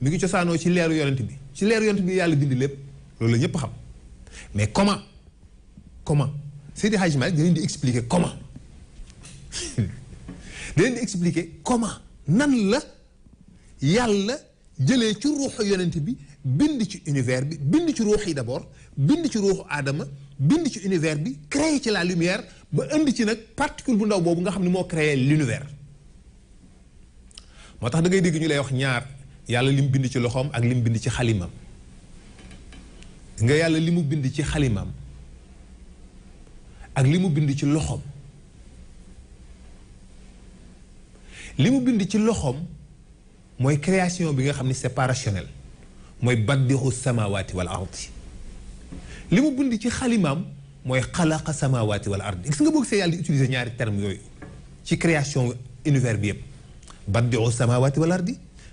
mi ngi cosaanoo ci leeru yonent bi ci leeru yonent bi yàlla bind lépp loolu la ñëpp xam mais comment comment Seydi Hadji Malick dinañ di expliqué comment dinañ di expliquer comment nan la yàlla jëlee ci ruuxu yonent bi bind ci univers bi bind ci ruux yi d'abord bind ci ruuxu aadama bind ci univers bi créé ci la lumière ba indi ci nag particule bu ndaw boobu nga xam ne moo créé l'univers moo tax da ngay ñu lay wax ñaar yàlla lim bind ci loxom ak lim bind ci khalimam nga yàlla limu bind ci khalimam ak limu bind ci loxom limu bind ci loxom moy création bi nga c'est pas rationnel moy badihu samawati wal ard limu bind ci khalimam moy xalaqa samawati wal ardi gis nga boog see yàlla di utiliser ñaari terme yoy ci création univers bi yeb badihu samawati wal ardi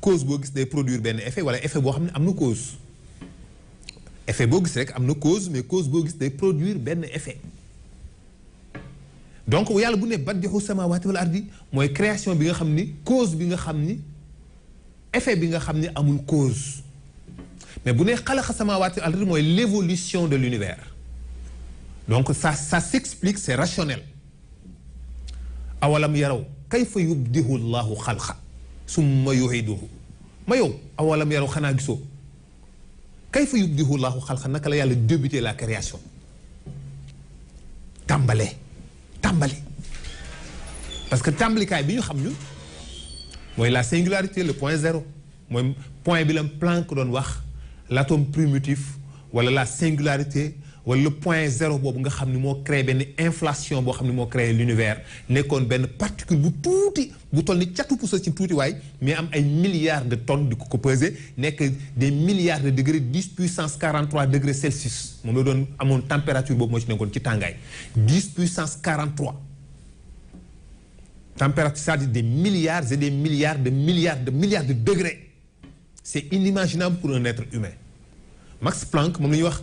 cause boo gis produire ben effet wala effet bo xamni amna cause effet boo gis rek amna cause mais cause boo gis produire ben effet donc yàlla bu ne badixu samawaati wal ardi moy création bi nga xamni cause bi nga xamni effet bi nga xamni amul cause mais bu ne xalaqa wal ardi moy l'évolution de l'univers donc ça ça s'explique c'est rationnel awalam yaraw kayfa yubdihu llahu xalqa summa yuiduhu awalam yaru il la début de la création parce que tàmbalikaay bi la singularité le point zéro le point bi la que l'on l'atome primitif wala la singularité le point zéro boobu nga xam ne moo créé benn inflation boo xam créé l'univers nekkoon benn particule bu tuuti bu toll ni catu pousse ci tuuti waay mais am ay milliards de tonnes de ko ko des milliards de degrés 10 puissance 43 degrés Celsius moom la doon amoon température boobu moo ci nekkoon ci puissance 43. température c'est-à-dire des milliards et des milliards de milliards de milliards de degrés c'est inimaginable pour un être humain Max Planck moom la ñuy wax.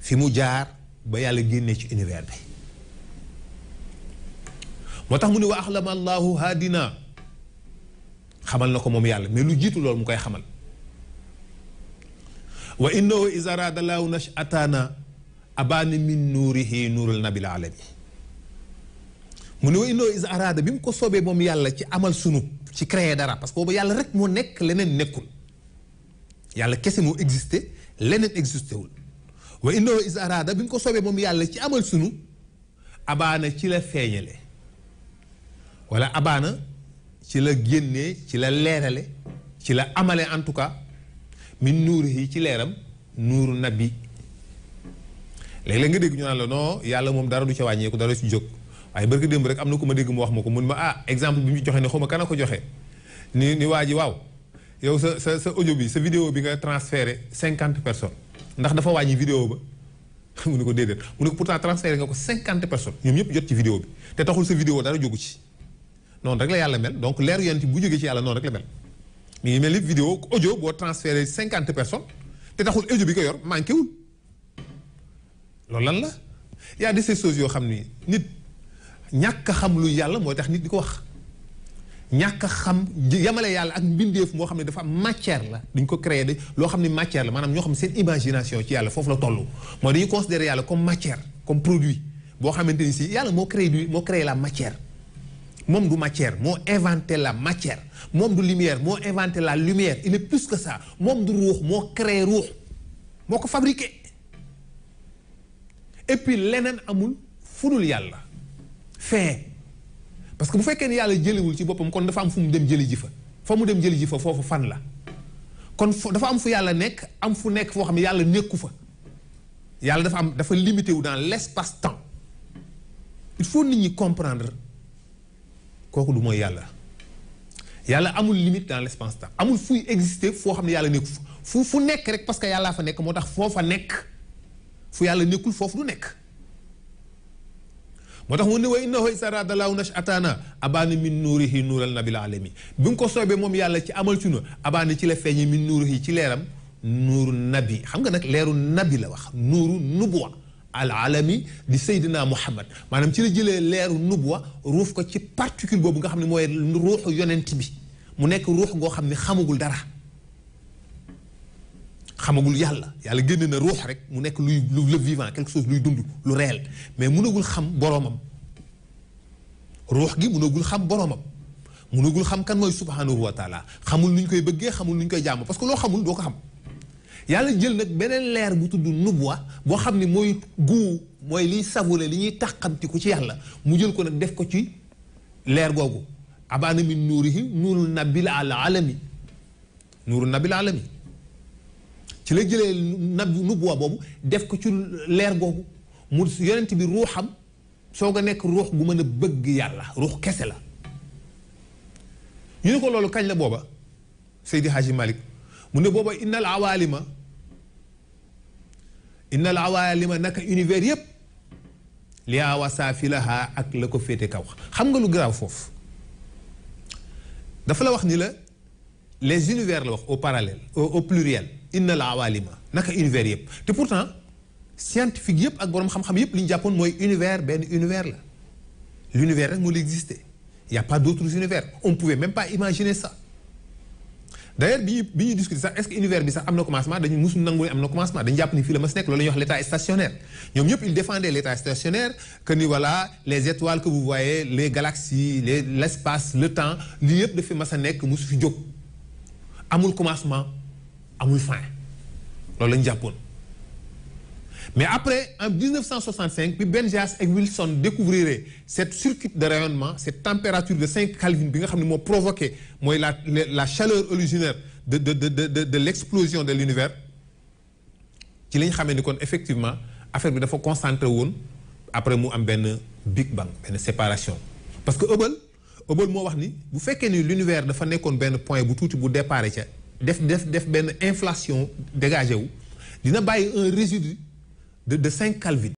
fi mu jaar ba yàlla génne ci univers bi moo tax mu ni wa axlama allahu hadina xamal na ko moom yàlla mais lu jiitu loolu mu koy xamal wa innahu iza araada laahu nashatana abaana min nuurihi nuural nabil alamin mu ne wa innahu iza araada bi mu ko soobee moom yàlla ci amal sunu ci créer dara parce que boobu yàlla rek moo nekk leneen nekkul yàlla kese moo existé leneen existé wul wa innahu is araada bi mu ko soobee moom yàlla ci amal sunu abaana ci la feeñale wala abaana ci la génnee ci la leerale ci la amale en tout cas min nuuru yi ci leeram nuuru nabi léeg-léeg nga dégg ñu naan la noo yàlla moom dara du ca wàññeeku dara ci jóg waaye barki démb rek am na ku ma dégg mu wax ma ko mun ma ah exemple bi mu joxe ne xaw ma kan a ko joxe ni ni waa ji waaw yow sa sa sa audio bi sa vidéo bi nga transféré cinquante personnes ndax dafa wàññi vidéo ba mu ne ko déedéet mu ne ko pourtant transféré nga ko cinquante personnes ñoom ñëpp jot ci vidéo bi te taxul sa vidéo dara jógu ci noonu rek la yàlla mel donc leeru yonent bu jógee ci yàlla noonu rek la mel mi ngi mel ni vidéo audio boo transféré cinquante personnes te taxul audio bi ko yor manqué wul loolu lan la y a de ces choses yoo xam ni nit ñàkk xam lu yàlla mooy tax nit di ko wax il xam yamale yàlla ak mbindeef moo xam dafa matière la duñ créer de loo matière la maanaam ñoo xam imagination ci yàlla foofu la toll mooy considérer comme matière comme produit boo xamante ni si créé la matière du matière la matière moom du lumière la lumière il est plus que ça moom du ruux moo créé ruux moo ko et puis leneen amul yàlla parce que bu fekkee ne yàlla jëliwul ci boppam kon dafa am fu mu dem jëli ji fa dem jëli ji fa fan la kon dafa am fu yàlla nekk am fu nekk foo xam ne yàlla fa dafa am dafa limité dans l'espace-temps il faut nit comprendre kooku du mooy yàlla yàlla amul limite dans l'espace-temps amul fuy exister foo xam ne yàlla fu fu rek parce que fa nekk moo tax gens fu yàlla nekkul moo tax mu ne wa innahu isarada laaw nachatana abaana min nuurihi nuural nabil alami bi nga ko soobee moom yàlla ci amal cunu abaana ci la feeñe min nuurihi ci leeram nuuru nabi xam nga nag leeru nabi la wax nuuru nubuwa al alami di Seydina Muhammad maanaam ci la jëlee leeru nubuwa ruuf ko ci particule boobu nga xam ne mooy ruuxu yonent bi mu nekk ruux goo xam ne xamagul dara xamagul yàlla yàlla genn na ruh rek mu nek luy lu le vivant quelque chose luy dund lu réel mais mënagul xam boromam ruh gi mënagul xam boroomam mënagul xam kan moy subhanahu wa taala xamul nu koy bëggee xamul nu koy jàmm parce que lo xamul do ko xam yàlla jël nak benen leer bu tuddu nubwa bo xamni moy gu moy li liy li ñi ñuy ku ci yàlla mu jël ko nak def ko ci leer googu abana min nurihi nurun nabil alami nurun nabil alami ci la jëlee nab nubuwa boobu def ko ci leer googu mu yonent bi ruuxam soo nga nekk ruux gu mën a bëgg yàlla ruux kese la ñu ne ko loolu kañ la booba Seydi haji malik mu ne booba innal awalima innal awalima naka univers yépp liaa wasaafilaha ak la ko féete kaw xam nga lu garaaw foofu dafa la wax ni la les univers la wax au parallèle au pluriel inna la awalima naka univers yep te pourtant scientifique yep ak borom xam-xam yep liñ japon moy univers ben univers la l'univers rek mo la Il y a pas d'autres univers on pouvait même pas imaginer ça d'ailleurs bi bi ñuy discuter ça, est-ce que univers bi sax amna commencement dañu musu nangu ne commencement dañu japp ni fi la mas nekk loolu la wax l'état stationnaire ñom ñëpp il défendait l'état stationnaire que ni voilà les étoiles que vous voyez les galaxies les l'espace le temps lii yëpp de mas a nek musu fi jog amul commencement amul fin dans le Japon. mais après en 1965 puis Benjias et Wilson découvriraient cette circuit de rayonnement cette température de 5 Kelvin bi nga la chaleur originaire de l'explosion de l'univers ci lañ xamee ni kon effectivement affaire bi dafa concentré après mu am Big Bang une séparation parce que Hubble Hubble mo wax ni bu ni l'univers dafa nékkone ben point bu touti bu départ def def def benn inflation dégagé wu dina un résidu de de cinq calvites